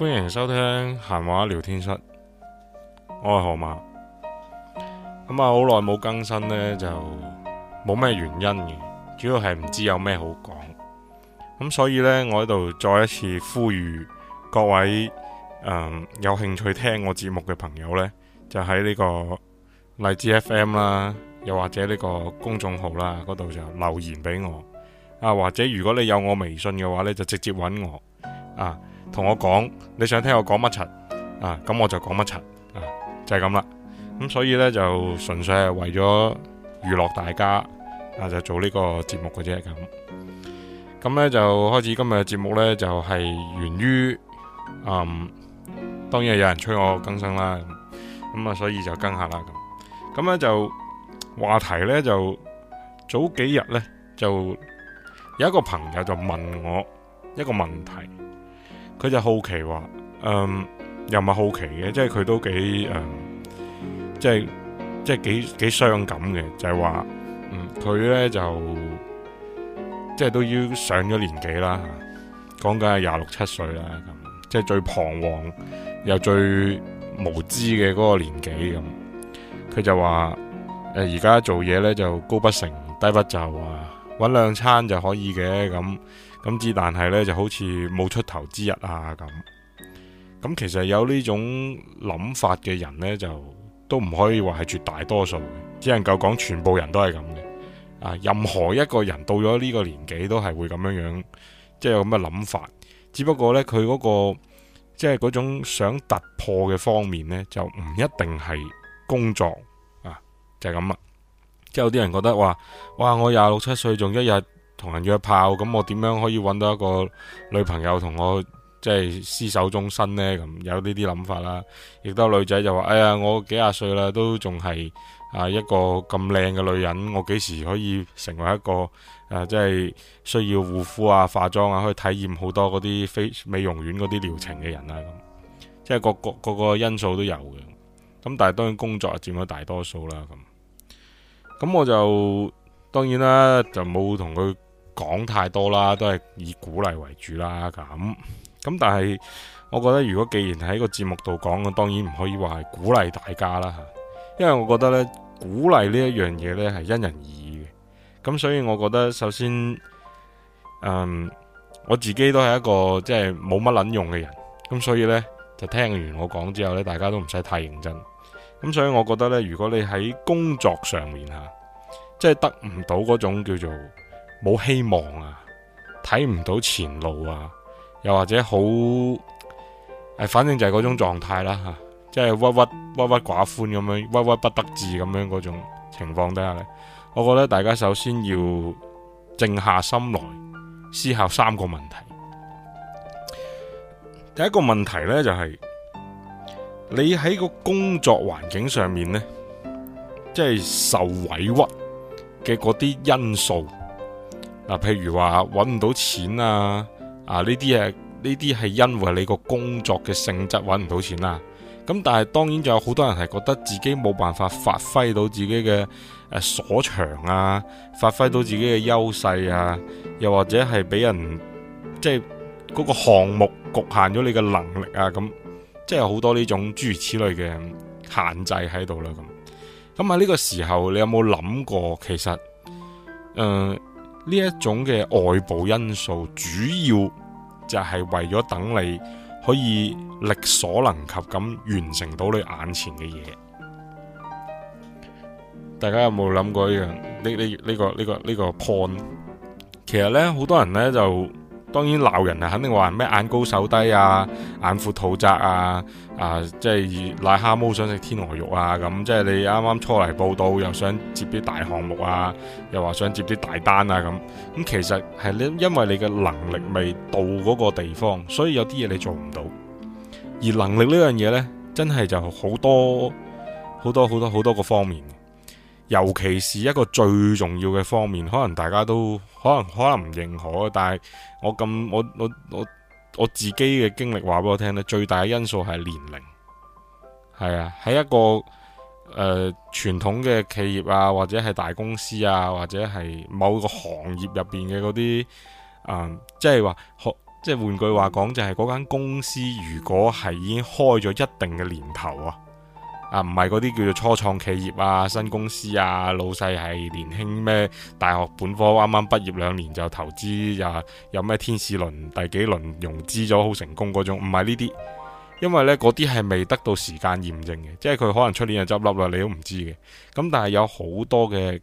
歡迎收聽閒話聊天室，我係河馬，咁啊好耐冇更新呢，就冇咩原因嘅，主要係唔知有咩好講，咁所以呢，我喺度再一次呼籲各位、嗯，有興趣聽我節目嘅朋友呢，就喺呢個荔枝 FM 啦，又或者呢個公眾號啦嗰度就留言俾我，啊或者如果你有我微信嘅話咧，就直接搵我，啊。同我講你想聽我講乜柒啊，咁我就講乜柒啊，就係咁啦。咁所以呢，就純粹係為咗娛樂大家啊，就做呢個節目嘅啫咁。咁呢，就開始今日嘅節目呢，就係源於啊、嗯，當然有人催我更新啦。咁啊，所以就更下啦。咁咁咧就話題呢，就早幾日呢，就有一個朋友就問我一個問題。佢就好奇話，嗯，又唔係好奇嘅，即係佢都幾誒，即係即係幾幾傷感嘅，就係話，嗯，佢咧就，是嗯、就即係都要上咗年紀啦，講緊係廿六七歲啦，咁即係最彷徨又最無知嘅嗰個年紀咁。佢就話，誒、呃，而家做嘢咧就高不成低不就啊，搵兩餐就可以嘅咁。咁至，但係呢就好似冇出頭之日啊！咁咁其實有呢種諗法嘅人呢，就都唔可以話係絕大多數，只能夠講全部人都係咁嘅。啊，任何一個人到咗呢個年紀都係會咁樣樣，即係有咁嘅諗法。只不過呢，佢嗰個即係嗰種想突破嘅方面呢，就唔一定係工作啊，就係咁啊。即係有啲人覺得話，哇，我廿六七歲仲一日。同人約炮咁，我點樣可以揾到一個女朋友同我即係廝守終身呢？咁有呢啲諗法啦。亦都有女仔就話：哎呀，我幾廿歲啦，都仲係啊一個咁靚嘅女人，我幾時可以成為一個啊即係需要護膚啊、化妝啊，可以體驗好多嗰啲非美容院嗰啲療程嘅人啦，啊？咁即係各各各個因素都有嘅。咁但係當然工作佔咗大多數啦。咁咁我就當然啦，就冇同佢。講太多啦，都係以鼓勵為主啦，咁咁但係我覺得如果既然喺個節目度講，當然唔可以話係鼓勵大家啦吓，因為我覺得呢，鼓勵呢一樣嘢呢係因人而異嘅，咁所以我覺得首先，嗯，我自己都係一個即係冇乜撚用嘅人，咁所以呢，就聽完我講之後呢，大家都唔使太認真，咁所以我覺得呢，如果你喺工作上面吓，即係得唔到嗰種叫做。冇希望啊，睇唔到前路啊，又或者好，反正就係嗰種狀態啦，吓即係鬱鬱鬱鬱寡歡咁樣，郁郁不得志咁樣嗰種情況底下咧，我覺得大家首先要靜下心來思考三個問題。第一個問題咧就係、是、你喺個工作環境上面咧，即係受委屈嘅嗰啲因素。嗱、啊，譬如話揾唔到錢啊，啊呢啲嘢，呢啲係因為你個工作嘅性質揾唔到錢啦、啊。咁但係當然仲有好多人係覺得自己冇辦法發揮到自己嘅誒、啊、所長啊，發揮到自己嘅優勢啊，又或者係俾人即係嗰個項目局限咗你嘅能力啊，咁即係好多呢種諸如此類嘅限制喺度啦。咁咁喺呢個時候，你有冇諗過其實誒？呃呢一種嘅外部因素，主要就係為咗等你可以力所能及咁完成到你眼前嘅嘢。大家有冇諗過一樣？呢呢呢個呢個呢個 point，其實呢，好多人呢就。當然鬧人啊，肯定話咩眼高手低啊，眼闊肚窄啊，啊，即係癩蛤蟆想食天鵝肉啊，咁即係你啱啱初嚟報道，又想接啲大項目啊，又話想接啲大單啊，咁咁其實係你因為你嘅能力未到嗰個地方，所以有啲嘢你做唔到。而能力呢樣嘢呢，真係就好多好多好多好多個方面。尤其是一個最重要嘅方面，可能大家都可能可能唔認可，但係我咁我我我我自己嘅經歷話俾我聽咧，最大嘅因素係年齡，係啊，喺一個誒、呃、傳統嘅企業啊，或者係大公司啊，或者係某個行業入邊嘅嗰啲即係話學，即、嗯、係、就是、換句話講，就係嗰間公司如果係已經開咗一定嘅年頭啊。啊，唔係嗰啲叫做初創企業啊、新公司啊、老細係年輕咩大學本科啱啱畢業兩年就投資又、啊、有咩天使輪第幾輪融資咗好成功嗰種，唔係呢啲，因為呢嗰啲係未得到時間驗證嘅，即係佢可能出年就執笠啦，你都唔知嘅。咁但係有好多嘅誒、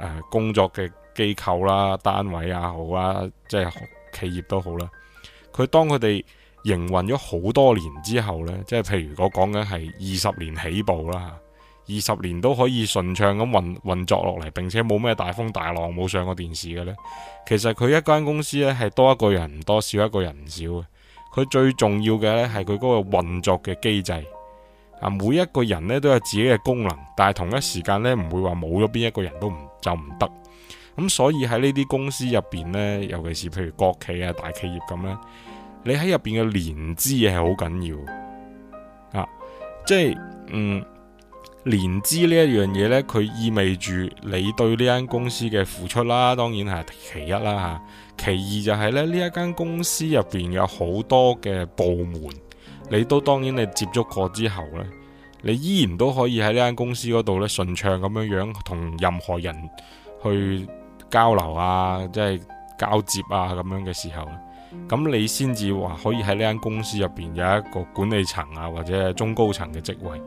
呃、工作嘅機構啦、啊、單位啊好啊，即係企業都好啦，佢當佢哋。營運咗好多年之後呢，即係譬如我講緊係二十年起步啦，二十年都可以順暢咁運運作落嚟，並且冇咩大風大浪，冇上過電視嘅呢。其實佢一間公司呢係多一個人唔多，少一個人唔少嘅。佢最重要嘅呢係佢嗰個運作嘅機制啊，每一個人呢都有自己嘅功能，但係同一時間呢，唔會話冇咗邊一個人都唔就唔得。咁所以喺呢啲公司入邊呢，尤其是譬如國企啊、大企業咁呢。你喺入邊嘅年資係好緊要啊！即係嗯，年資呢一樣嘢呢，佢意味住你對呢間公司嘅付出啦，當然係其一啦吓。其二就係呢一間公司入邊有好多嘅部門，你都當然你接觸過之後呢，你依然都可以喺呢間公司嗰度呢順暢咁樣樣同任何人去交流啊，即係交接啊咁樣嘅時候。咁你先至話可以喺呢間公司入邊有一個管理層啊，或者中高層嘅職位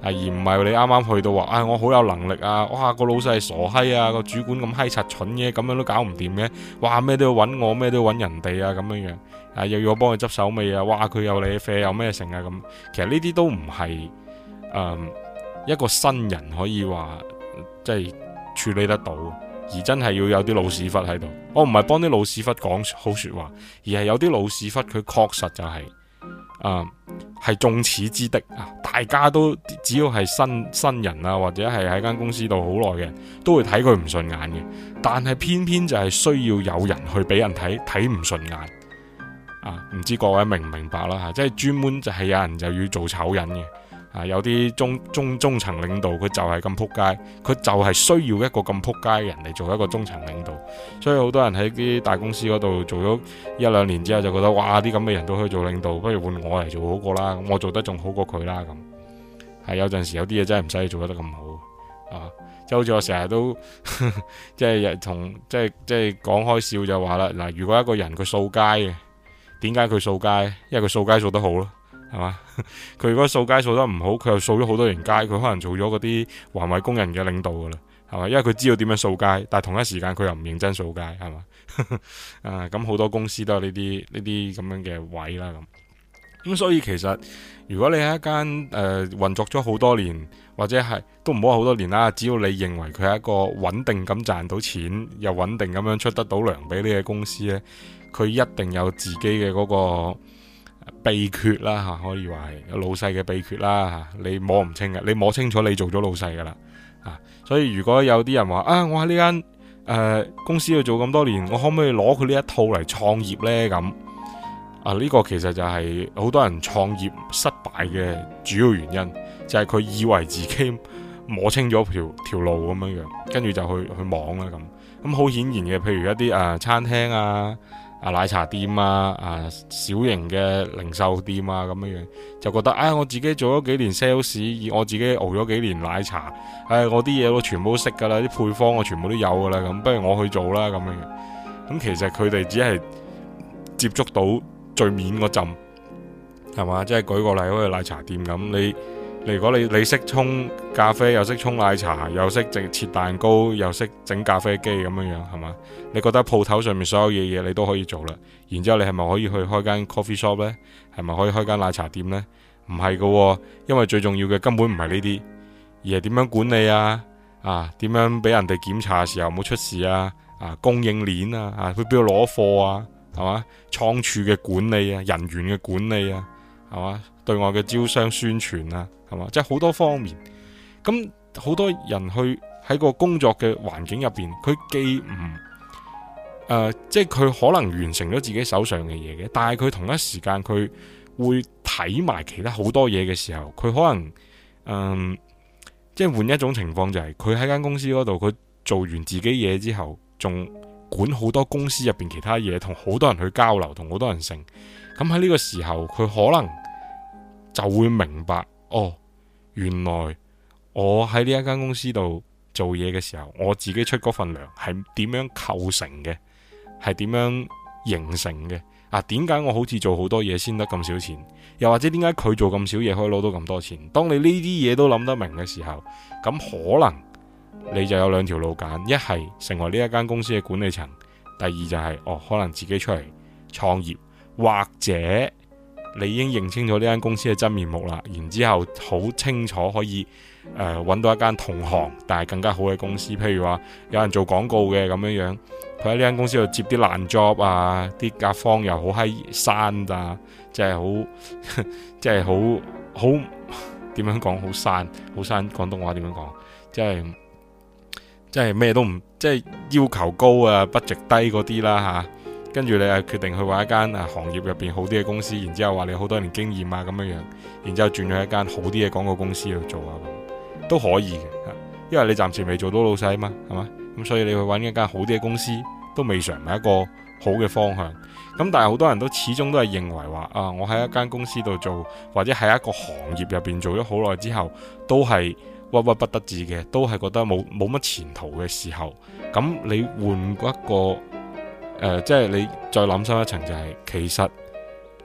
啊，而唔係你啱啱去到話，唉、哎，我好有能力啊，哇，個老細係傻閪啊，個主管咁閪柒蠢嘅，咁樣都搞唔掂嘅，哇，咩都要揾我，咩都要揾人哋啊，咁樣樣啊，又要我幫佢執手尾啊，哇，佢有你嘅飛，有咩成啊咁，其實呢啲都唔係、嗯、一個新人可以話即係處理得到的。而真係要有啲老屎忽喺度，我唔係幫啲老屎忽講好說話，而係有啲老屎忽佢確實就係、是，誒係眾矢之的啊！大家都只要係新新人啊，或者係喺間公司度好耐嘅，都會睇佢唔順眼嘅。但係偏偏就係需要有人去俾人睇睇唔順眼啊！唔、呃、知各位明唔明白啦吓，即係專門就係有人就要做醜人嘅。有啲中中中層領導佢就係咁撲街，佢就係需要一個咁撲街嘅人嚟做一個中層領導，所以好多人喺啲大公司嗰度做咗一兩年之後就覺得哇，啲咁嘅人都可以做領導，不如換我嚟做好過啦，我做得仲好過佢啦咁。係有陣時有啲嘢，真係唔使做得咁好啊！就好呵呵就是，即係好似我成日都即係日同即係即係講開笑就話啦嗱，如果一個人佢掃街嘅，點解佢掃街？因為佢掃街掃得好咯。係嘛？佢 如果掃街掃得唔好，佢又掃咗好多年街，佢可能做咗嗰啲環衛工人嘅領導噶啦，係嘛？因為佢知道點樣掃街，但係同一時間佢又唔認真掃街，係嘛？ 啊，咁好多公司都有呢啲呢啲咁樣嘅位啦，咁咁所以其實如果你係一間誒運作咗好多年，或者係都唔好話好多年啦，只要你認為佢係一個穩定咁賺到錢，又穩定咁樣出得到糧俾呢個公司呢，佢一定有自己嘅嗰、嗰個。秘訣啦吓，可以話係老細嘅秘訣啦吓，你摸唔清嘅，你摸清楚你做咗老細噶啦啊！所以如果有啲人話啊，我喺呢間誒公司度做咁多年，我可唔可以攞佢呢一套嚟創業呢？咁啊呢個其實就係好多人創業失敗嘅主要原因，就係佢以為自己摸清咗條條路咁樣樣，跟住就去去網啦咁。咁好顯然嘅，譬如一啲、呃、餐廳啊。啊奶茶店啊啊小型嘅零售店啊咁嘅樣，就覺得唉我自己做咗幾年 sales，我自己熬咗幾年奶茶，唉我啲嘢我全部都識噶啦，啲配方我全部都有噶啦，咁不如我去做啦咁樣，咁其實佢哋只係接觸到最面個陣，係嘛？即係舉個例，好似奶茶店咁你。如果你你識沖咖啡又識沖奶茶又識整切蛋糕又識整咖啡機咁樣樣，係嘛？你覺得鋪頭上面所有嘢，嘢你都可以做啦？然之後你係咪可以去開間 coffee shop 呢？係咪可以開間奶茶店呢？唔係噶，因為最重要嘅，根本唔係呢啲，而係點樣管理啊？啊，點樣俾人哋檢查時候冇出事啊？啊，供應鏈啊，啊，去邊度攞貨啊？係嘛？倉儲嘅管理啊，人員嘅管理啊，係嘛？對外嘅招商宣傳啊？係嘛，即係好多方面，咁好多人去喺個工作嘅環境入邊，佢既唔誒，即係佢可能完成咗自己手上嘅嘢嘅，但係佢同一時間佢會睇埋其他好多嘢嘅時候，佢可能嗯，即係換一種情況就係佢喺間公司嗰度，佢做完自己嘢之後，仲管好多公司入邊其他嘢，同好多人去交流，同好多人成，咁喺呢個時候佢可能就會明白哦。原來我喺呢一間公司度做嘢嘅時候，我自己出嗰份糧係點樣構成嘅，係點樣形成嘅？啊，點解我好似做好多嘢先得咁少錢？又或者點解佢做咁少嘢可以攞到咁多錢？當你呢啲嘢都諗得明嘅時候，咁可能你就有兩條路揀：一係成為呢一間公司嘅管理層，第二就係哦，可能自己出嚟創業，或者。你已經認清咗呢間公司嘅真面目啦，然之後好清楚可以誒搵，呃、到一間同行，但係更加好嘅公司。譬如話有人做廣告嘅咁樣樣，佢喺呢間公司度接啲爛 job 啊，啲，啊、甲方又好閪散啊，即係好即係好好點樣講好散，好散廣東話點樣講？即係即係咩都唔即係要求高啊 budget 低嗰啲啦吓。跟住你係決定去揾一間啊行業入邊好啲嘅公司，然之後話你好多年經驗啊咁樣樣，然之後轉去一間好啲嘅廣告公司去做啊、嗯，都可以嘅，因為你暫時未做到老細嘛，係嘛，咁所以你去揾一間好啲嘅公司都未嘗唔係一個好嘅方向。咁但係好多人都始終都係認為話啊，我喺一間公司度做，或者喺一個行業入邊做咗好耐之後，都係屈屈不得志嘅，都係覺得冇冇乜前途嘅時候，咁你換一個。呃，即係你再諗深一層，就是，就係其實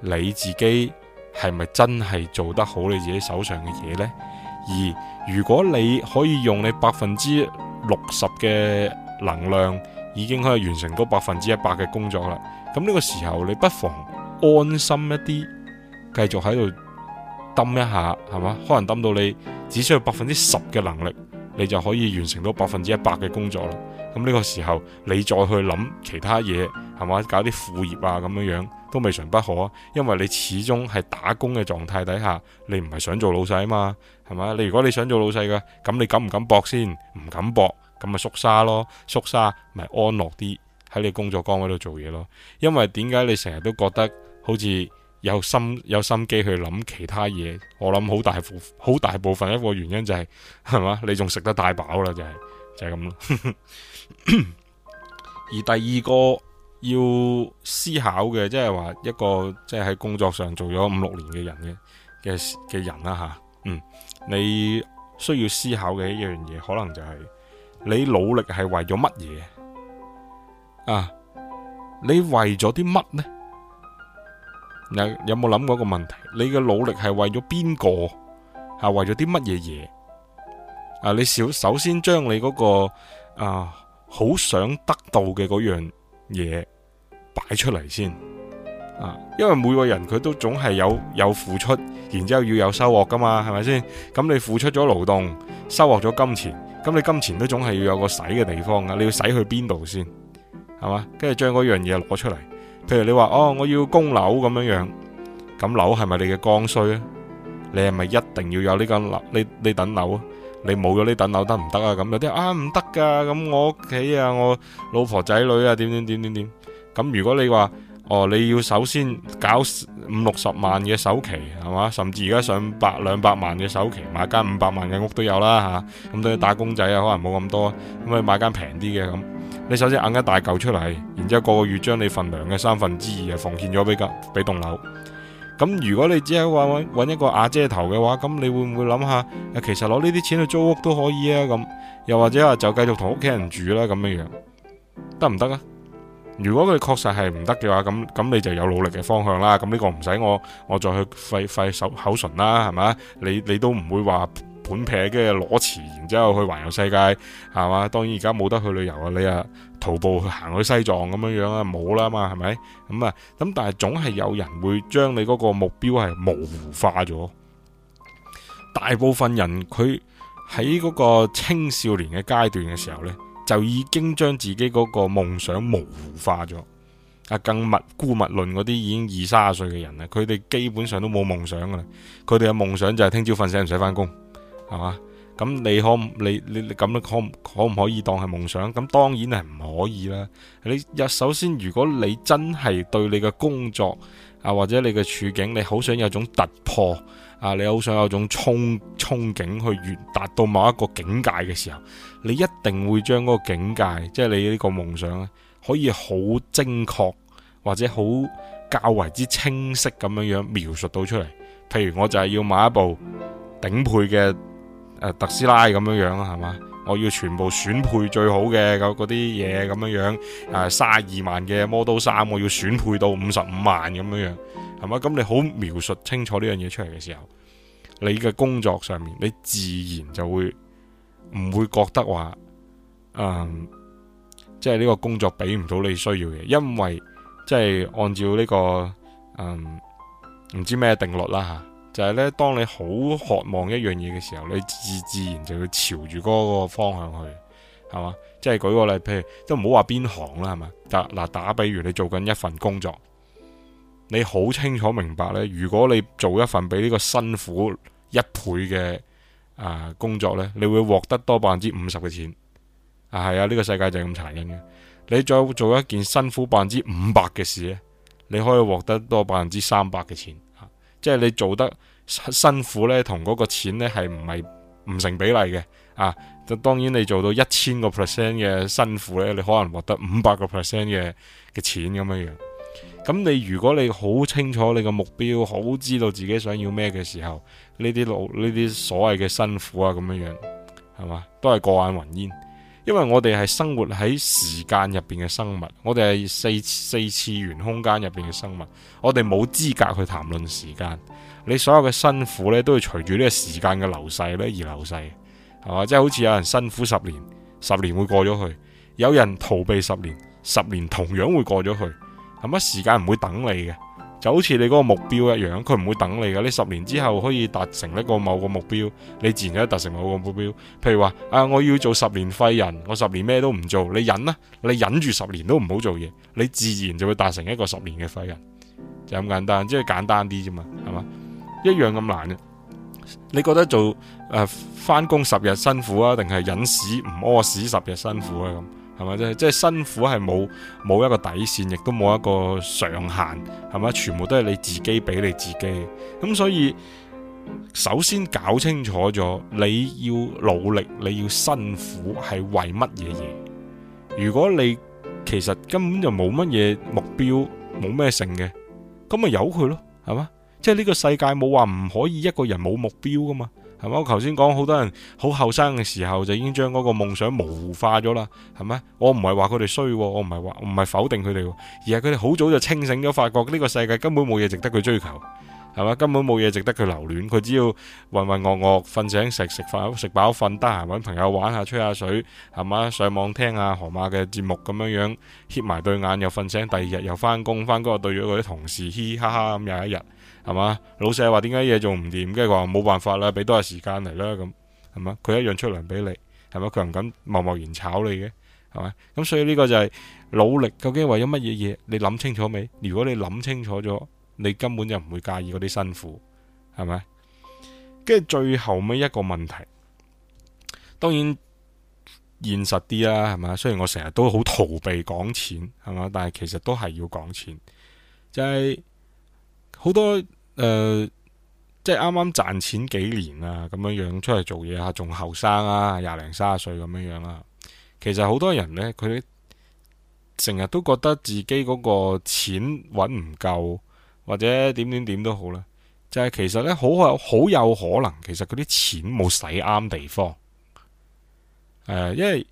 你自己係咪真係做得好你自己手上嘅嘢呢？而如果你可以用你百分之六十嘅能量，已經可以完成到百分之一百嘅工作啦，咁呢個時候你不妨安心一啲，繼續喺度掹一下，係嘛？可能掹到你只需要百分之十嘅能力，你就可以完成到百分之一百嘅工作啦。咁呢個時候，你再去諗其他嘢，係嘛，搞啲副業啊，咁樣樣都未嘗不可啊。因為你始終係打工嘅狀態底下，你唔係想做老細啊嘛，係嘛？你如果你想做老細嘅，咁你敢唔敢搏先？唔敢搏，咁咪縮沙咯，縮沙咪安樂啲喺你工作崗嗰度做嘢咯。因為點解你成日都覺得好似有心有心機去諗其他嘢？我諗好大部好大部分一個原因就係，係嘛？你仲食得太飽啦，就係。就係咁咯。而第二個要思考嘅，即係話一個即係喺工作上做咗五六年嘅人嘅嘅嘅人啦，吓，嗯，你需要思考嘅一樣嘢，可能就係你努力係為咗乜嘢啊？你為咗啲乜呢？有有冇諗過一個問題？你嘅努力係為咗邊個？係、啊、為咗啲乜嘢嘢？啊！你小首先將你嗰個啊好想得到嘅嗰樣嘢擺出嚟先啊，因為每個人佢都總係有有付出，然之後要有收穫噶嘛，係咪先？咁你付出咗勞動，收穫咗金錢，咁你金錢都總係要有個使嘅地方噶，你要使去邊度先係嘛？跟住將嗰樣嘢攞出嚟，譬如你話哦，我要供樓咁樣樣，咁樓係咪你嘅剛需咧？你係咪一定要有呢間樓呢呢等樓啊？你冇咗呢等樓得唔得啊？咁有啲啊唔得㗎，咁我屋企啊，我老婆仔女啊，點點點點點。咁如果你話哦，你要首先搞五六十萬嘅首期係嘛，甚至而家上百兩百萬嘅首期買間五百萬嘅屋都有啦吓，咁、啊、對打工仔啊，可能冇咁多，咁去買間平啲嘅咁。你首先揞一大嚿出嚟，然之後個個月將你份糧嘅三分之二啊奉獻咗俾個俾棟樓。咁如果你只係話搵一個阿姐頭嘅話，咁你會唔會諗下？其實攞呢啲錢去租屋都可以啊，咁又或者話就繼續同屋企人住啦，咁樣樣得唔得啊？如果佢確實係唔得嘅話，咁咁你就有努力嘅方向啦。咁呢個唔使我我再去費費口口唇啦，係咪？你你都唔會話。本劈，跟住攞錢，然之後去環遊世界係嘛？當然而家冇得去旅遊啊。你啊徒步行去西藏咁樣樣啊，冇啦嘛，係咪咁啊？咁但係總係有人會將你嗰個目標係模糊化咗。大部分人佢喺嗰個青少年嘅階段嘅時候呢，就已經將自己嗰個夢想模糊化咗啊。更勿顧物論嗰啲已經二三十歲嘅人啦，佢哋基本上都冇夢想噶啦。佢哋嘅夢想就係聽朝瞓醒唔使翻工。咁你可你你你咁咧可可唔可以當係夢想？咁當然係唔可以啦。你一首先，如果你真係對你嘅工作啊，或者你嘅處境，你好想有種突破啊，你好想有種憧，憧憬去完達到某一個境界嘅時候，你一定會將嗰個境界，即係你呢個夢想咧，可以好精確或者好較為之清晰咁樣樣描述到出嚟。譬如我就係要買一部頂配嘅。特斯拉咁樣樣，係嘛？我要全部選配最好嘅嗰啲嘢，咁樣樣。誒、啊，卅二萬嘅 Model 三，我要選配到五十五萬咁樣樣，係嘛？咁你好描述清楚呢樣嘢出嚟嘅時候，你嘅工作上面，你自然就會唔會覺得話，嗯，即係呢個工作俾唔到你需要嘅。因為即係、就是、按照呢個、嗯、唔知咩定律啦吓。就係咧，當你好渴望一樣嘢嘅時候，你自自然就要朝住嗰個方向去，係嘛？即係舉個例，譬如都唔好話邊行啦，係嘛？打嗱打比如你做緊一份工作，你好清楚明白呢。如果你做一份比呢個辛苦一倍嘅啊，呃、工作呢，你會獲得多百分之五十嘅錢。啊，係啊，呢、呢個世界就係咁殘忍嘅。你再做一件辛苦百分之五百嘅事呢，你可以獲得多百分之三百嘅錢。即係你做得辛苦呢，同嗰個錢呢係唔係唔成比例嘅啊！就當然你做到一千個 percent 嘅辛苦呢，你可能獲得五百個 percent 嘅嘅錢咁樣樣。咁你如果你好清楚你個目標，好知道自己想要咩嘅時候，呢啲路、呢啲所謂嘅辛苦啊，咁樣樣係嘛，都係過眼雲煙。因為我哋係生活喺時間入邊嘅生物，我哋係四次四次元空間入邊嘅生物，我哋冇資格去談論時間。你所有嘅辛苦呢，都要隨住呢個時間嘅流逝呢而流逝，係嘛？即係好似有人辛苦十年，十年會過咗去；有人逃避十年，十年同樣會過咗去。係乜，時間唔會等你嘅。就好似你嗰個目標一樣，佢唔會等你㗎。你十年之後可以達成一個某個目標，你自然就達成某個目標。譬如話啊，我要做十年廢人，我十年咩都唔做，你忍啦，你忍住十年都唔好做嘢，你自然就會達成一個十年嘅廢人，就咁簡單，即係簡單啲啫嘛，係嘛，一樣咁難嘅。你覺得做誒翻工十日辛苦啊，定係忍屎唔屙屎十日辛苦啊？係咪即係辛苦係冇冇一個底線，亦都冇一個上限，係咪？全部都係你自己俾你自己。咁所以，首先搞清楚咗，你要努力，你要辛苦係為乜嘢嘢？如果你其實根本就冇乜嘢目標，冇咩性嘅，咁咪由佢咯，係嘛？即係呢個世界冇話唔可以一個人冇目標噶嘛，係咪？我頭先講好多人好後生嘅時候就已經將嗰個夢想模糊化咗啦，係咪？我唔係話佢哋衰，我唔係話唔係否定佢哋，而係佢哋好早就清醒咗，發覺呢個世界根本冇嘢，值得佢追求，係嘛？根本冇嘢值得佢留戀，佢只要渾渾噩噩瞓醒食食飯食飽瞓得閒，搵朋友玩下吹下水，係嘛？上網聽下河馬嘅節目咁樣樣瞌埋對眼又瞓醒，第二日又返工，返工又對住佢啲同事嘻嘻哈哈咁又一日。係嘛，老細話點解嘢仲唔掂，跟住話冇辦法啦，俾多啲時間嚟啦咁，係嘛，佢一樣出糧俾你，係嘛，佢唔敢貿貿然炒你嘅，係嘛，咁所以呢個就係努力究竟為咗乜嘢嘢？你諗清楚未？如果你諗清楚咗，你根本就唔會介意嗰啲辛苦，係咪？跟住最後尾一個問題，當然現實啲啦，係咪。雖然我成日都好逃避講錢，係嘛，但係其實都係要講錢，就係、是。好多誒、呃，即係啱啱賺錢幾年啊，咁樣樣出嚟做嘢啊，仲後生啊，廿零三十歲咁樣樣啦。其實好多人呢，佢成日都覺得自己嗰個錢揾唔夠，或者點點點都好啦。就係、是、其實呢，好有好有可能，其實佢啲錢冇使啱地方。誒、呃，因為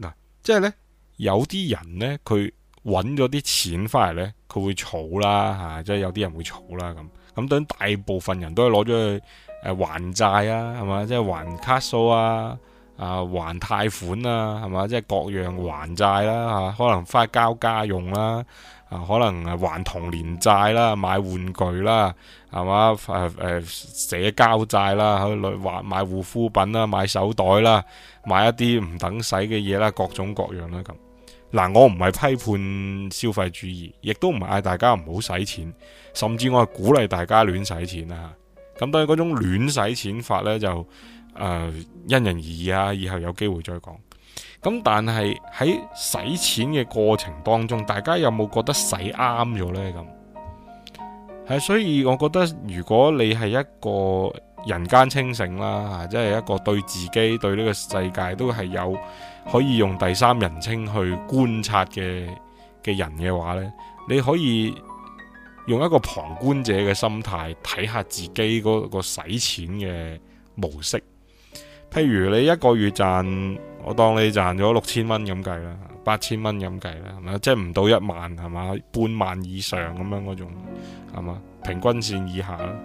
嗱，即係呢，有啲人呢，佢。揾咗啲錢返嚟呢，佢會儲啦，即、啊、係、就是、有啲人會儲啦咁。咁、啊、等大部分人都係攞咗去還還債啊，係嘛，即、就、係、是、還卡數啊，啊還貸款啊，係嘛，即、就、係、是、各樣還債啦、啊啊，可能返交家用啦、啊，啊，可能還還童年債啦、啊，買玩具啦、啊，係嘛，誒社交債啦、啊，去買護膚品啦、啊，買手袋啦、啊，買一啲唔等使嘅嘢啦，各種各樣啦、啊、咁。啊啊啊啊啊嗱，我唔係批判消費主義，亦都唔係嗌大家唔好使錢，甚至我係鼓勵大家亂使錢啦。咁對嗰種亂使錢法呢，就誒、呃、因人而異啊。以後有機會再講。咁但係喺使錢嘅過程當中，大家有冇覺得使啱咗呢？咁係，所以我覺得如果你係一個人間清醒啦，吓即係一個對自己對呢個世界都係有。可以用第三人稱去觀察嘅嘅人嘅話呢，你可以用一個旁觀者嘅心態睇下自己嗰個使錢嘅模式。譬如你一個月賺，我當你賺咗六千蚊咁計啦，八千蚊咁計啦，係咪？即係唔到一萬係嘛，半萬以上咁樣嗰種係嘛，平均線以下啦。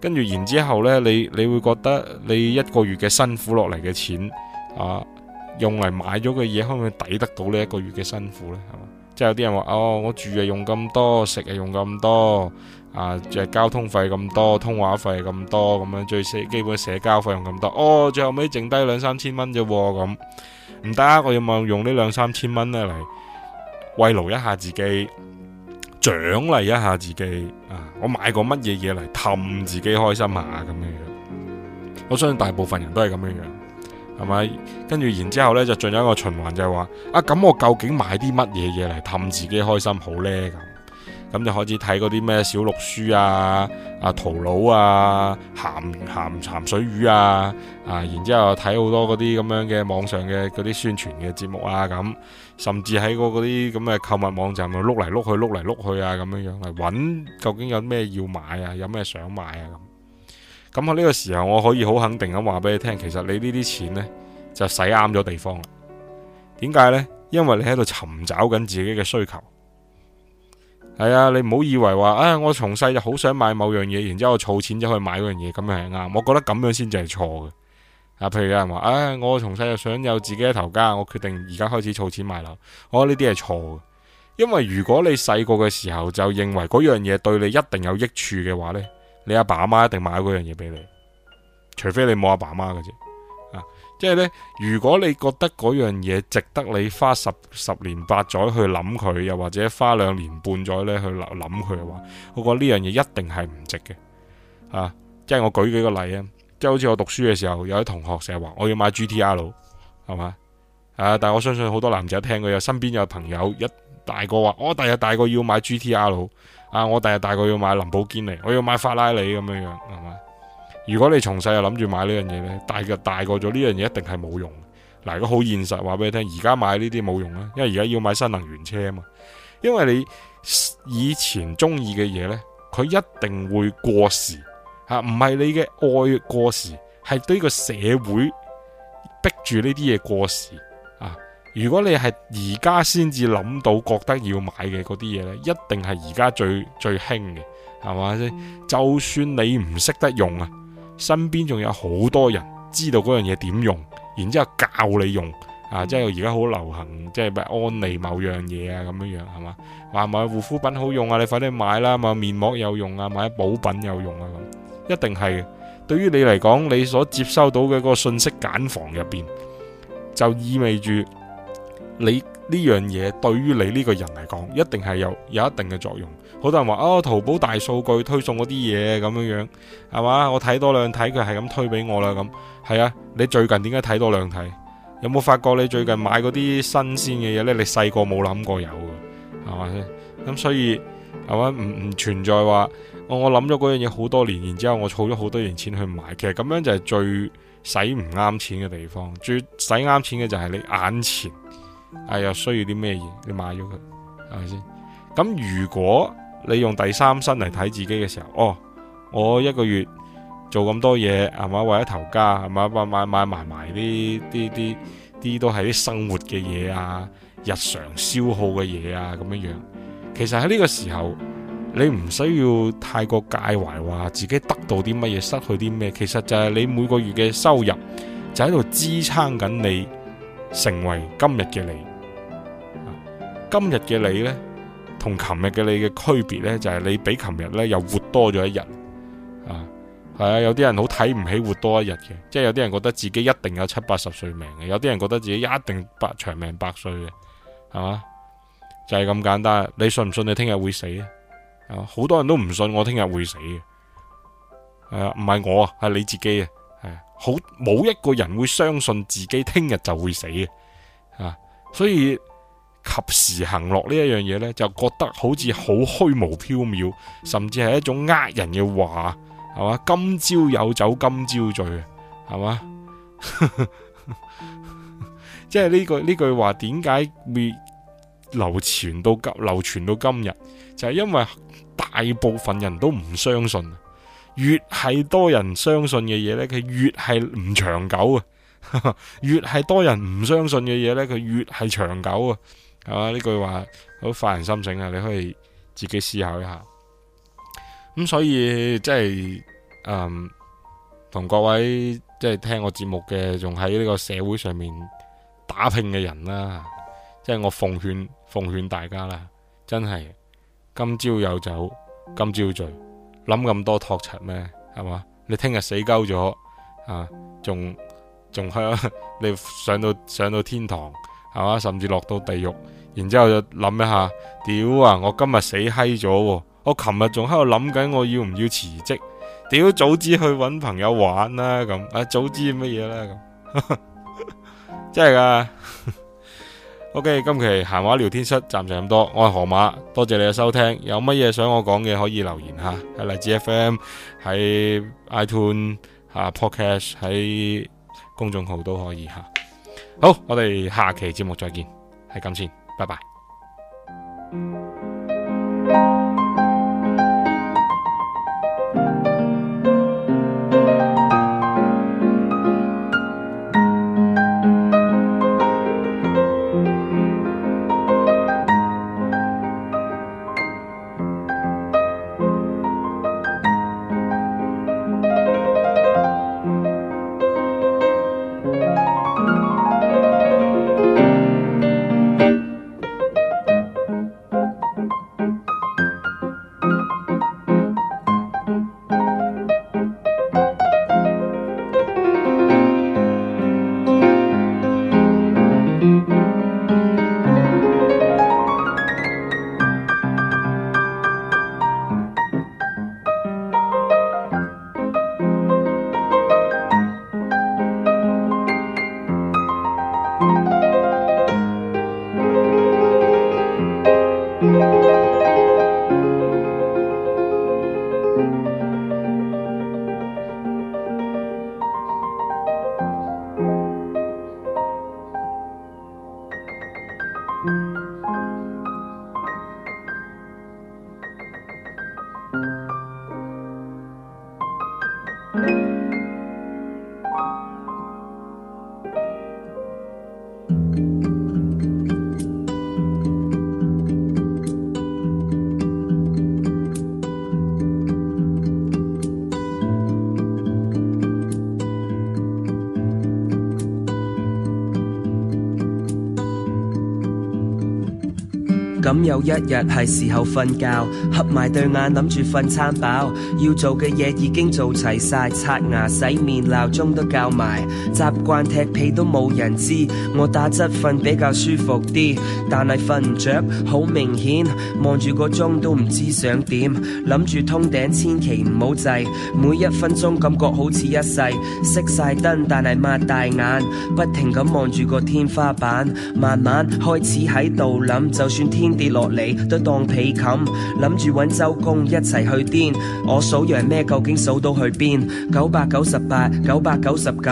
跟住然之後呢，你你會覺得你一個月嘅辛苦落嚟嘅錢啊～用嚟買咗嘅嘢，可唔可以抵得到呢一個月嘅辛苦呢？係嘛，即係有啲人話哦，我住啊用咁多，食啊用咁多，啊即係交通費咁多，通話費咁多，咁樣最基本社交費用咁多，哦，最後尾剩低兩三千蚊啫，咁唔得，我要咪用呢兩三千蚊呢嚟慰勞一下自己，獎勵一下自己啊！我買個乜嘢嘢嚟氹自己開心下咁樣樣，我相信大部分人都係咁樣樣。係咪？跟住然之後呢，就進入一個循環，就係話：啊，咁我究竟買啲乜嘢嘢嚟氹自己開心好呢？咁咁就開始睇嗰啲咩小綠書啊、啊淘佬啊、鹹鹹鹹水魚啊啊！然之後睇好多嗰啲咁樣嘅網上嘅嗰啲宣傳嘅節目啊咁，甚至喺嗰啲咁嘅購物網站度碌嚟碌去、碌嚟碌去啊咁樣樣嚟揾，究竟有咩要買啊？有咩想買啊咁？咁喺呢個時候，我可以好肯定咁話俾你聽，其實你呢啲錢呢，就使啱咗地方啦。點解呢？因為你喺度尋找緊自己嘅需求。係啊，你唔好以為話啊、哎，我從細就好想買某樣嘢，然之後我儲錢就去買嗰樣嘢，咁樣係啱。我覺得咁樣先就係錯嘅。啊，譬如有人話啊，我從細就想有自己一頭家，我決定而家開始儲錢買樓，我覺得呢啲係錯嘅。因為如果你細個嘅時候就認為嗰樣嘢對你一定有益處嘅話呢。你阿爸阿媽一定買嗰樣嘢俾你，除非你冇阿爸阿媽嘅啫，即係咧，如果你覺得嗰樣嘢值得你花十十年八載去諗佢，又或者花兩年半載咧去諗佢嘅話，我覺得呢樣嘢一定係唔值嘅，啊！即係我舉幾個例啊，即係好似我讀書嘅時候，有啲同學成日話我要買 GTR，係咪？啊！但係我相信好多男仔聽過有身邊有朋友一大個話，我第日大個要買 GTR。啊！我第日大個要買林寶堅尼，我要買法拉利咁樣樣，係嘛？如果你從細又諗住買呢樣嘢呢大，大個大個咗呢樣嘢一定係冇用。嗱、啊，如果好現實，話俾你聽，而家買呢啲冇用啦，因為而家要買新能源車啊嘛。因為你以前中意嘅嘢呢，佢一定會過時。吓、啊，唔係你嘅愛過時，係對個社會逼住呢啲嘢過時。如果你係而家先至諗到，覺得要買嘅嗰啲嘢呢一定係而家最最興嘅，係嘛啫？就是、就算你唔識得用啊，身邊仲有好多人知道嗰樣嘢點用，然之後教你用啊，即係而家好流行，即係咪安利某樣嘢啊咁樣樣係嘛？話買護膚品好用啊，你快啲買啦！買面膜有用啊，買補品有用啊咁、啊，一定係對於你嚟講，你所接收到嘅嗰個信息繭房入邊，就意味住。你呢樣嘢對於你呢個人嚟講，一定係有有一定嘅作用。好多人話啊、哦，淘寶大數據推送嗰啲嘢咁樣樣係嘛？我睇多兩睇，佢係咁推俾我啦。咁係啊，你最近點解睇多兩睇？有冇發覺你最近買嗰啲新鮮嘅嘢呢？你細個冇諗過有係嘛？咁所以係嘛？唔唔存在話、哦、我諗咗嗰樣嘢好多年，然之後我儲咗好多年錢去買。其實咁樣就係最使唔啱錢嘅地方。最使啱錢嘅就係你眼前。啊、哎！又需要啲咩嘢？你買咗佢係咪先？咁如果你用第三身嚟睇自己嘅時候，哦，我一個月做咁多嘢係嘛，是是為咗投家係嘛，買買買埋埋啲啲啲啲都係啲生活嘅嘢啊，日常消耗嘅嘢啊，咁樣樣。其實喺呢個時候，你唔需要太過介懷話自己得到啲乜嘢，失去啲咩，其實就係你每個月嘅收入就喺度支撐緊你。成為今日嘅你，啊、今日嘅你呢，同琴日嘅你嘅區別呢，就係、是、你比琴日呢又活多咗一日，啊係啊，有啲人好睇唔起活多一日嘅，即、就、係、是、有啲人覺得自己一定有七八十歲命嘅，有啲人覺得自己一定百長命百歲嘅，係嘛，就係、是、咁簡單。你信唔信你聽日會死啊？好多人都唔信我聽日會死嘅，啊，唔係我啊，係你自己啊。好冇一個人會相信自己聽日就會死啊！所以及時行樂呢一樣嘢呢，就覺得好似好虛無縹緲，甚至係一種呃人嘅話，係嘛？今朝有酒今朝醉，係嘛？即係呢個呢句話點解會流傳到今流傳到今日？就係、是、因為大部分人都唔相信。越係多人相信嘅嘢呢，佢越係唔長久啊！越係多人唔相信嘅嘢呢，佢越係長久啊！係嘛？呢句話好發人深省啊！你可以自己思考一下。咁所以即係，嗯，同各位即係聽我節目嘅，仲喺呢個社會上面打拼嘅人啦，即係我奉勸奉勸大家啦，真係今朝有酒今朝醉。諗咁多托柒咩？係嘛？你聽日死鳩咗啊？仲仲喺你上到上到天堂係嘛？甚至落到地獄，然之後就諗一下，屌啊！我今日死閪咗，我琴日仲喺度諗緊我要唔要辭職？屌，早知去搵朋友玩啦、啊、咁，啊早知乜嘢啦咁，真係噶。呵呵 OK，今期閒話聊天室暫時咁多，我係河馬，多謝你嘅收聽，有乜嘢想我講嘅可以留言吓，喺荔枝 FM、喺 iTunes、吓 Podcast、喺公眾號都可以吓。好，我哋下期節目再見，係咁先，拜拜。咁有一日係時候瞓覺，合埋對眼諗住瞓餐飽，要做嘅嘢已經做齊晒，刷牙洗面鬧鐘都較埋，習慣踢被都冇人知，我打側瞓比較舒服啲，但係瞓唔着，好明顯，望住個鐘都唔知想點，諗住通頂千祈唔好滯，每一分鐘感覺好似一世，熄晒燈但係擘大眼，不停咁望住個天花板，慢慢開始喺度諗，就算天，跌落嚟都當被冚，諗住揾周公一齊去癲。我數羊咩？究竟數到去邊？九百九十八，九百九十九，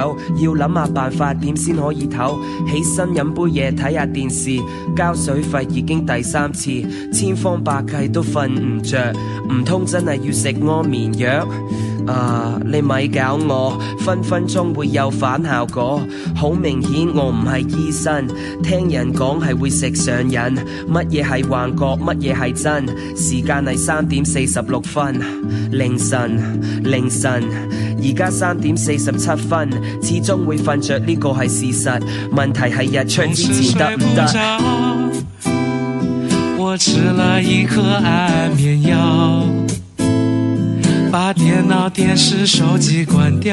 要諗下辦法點先可以唞。起身飲杯嘢睇下電視，交水費已經第三次，千方百計都瞓唔着，唔通真係要食安眠藥？啊，uh，你咪搞我，分分鐘會有反效果。好明顯我唔係醫生，聽人講係會食上癮，乜嘢係？係幻覺，乜嘢係真？時間係三點四十六分，凌晨，凌晨，而家三點四十七分，始終會瞓着，呢個係事實。問題係日出之前得唔得？我吃了一顆安眠藥，把電腦、電視、手機關掉。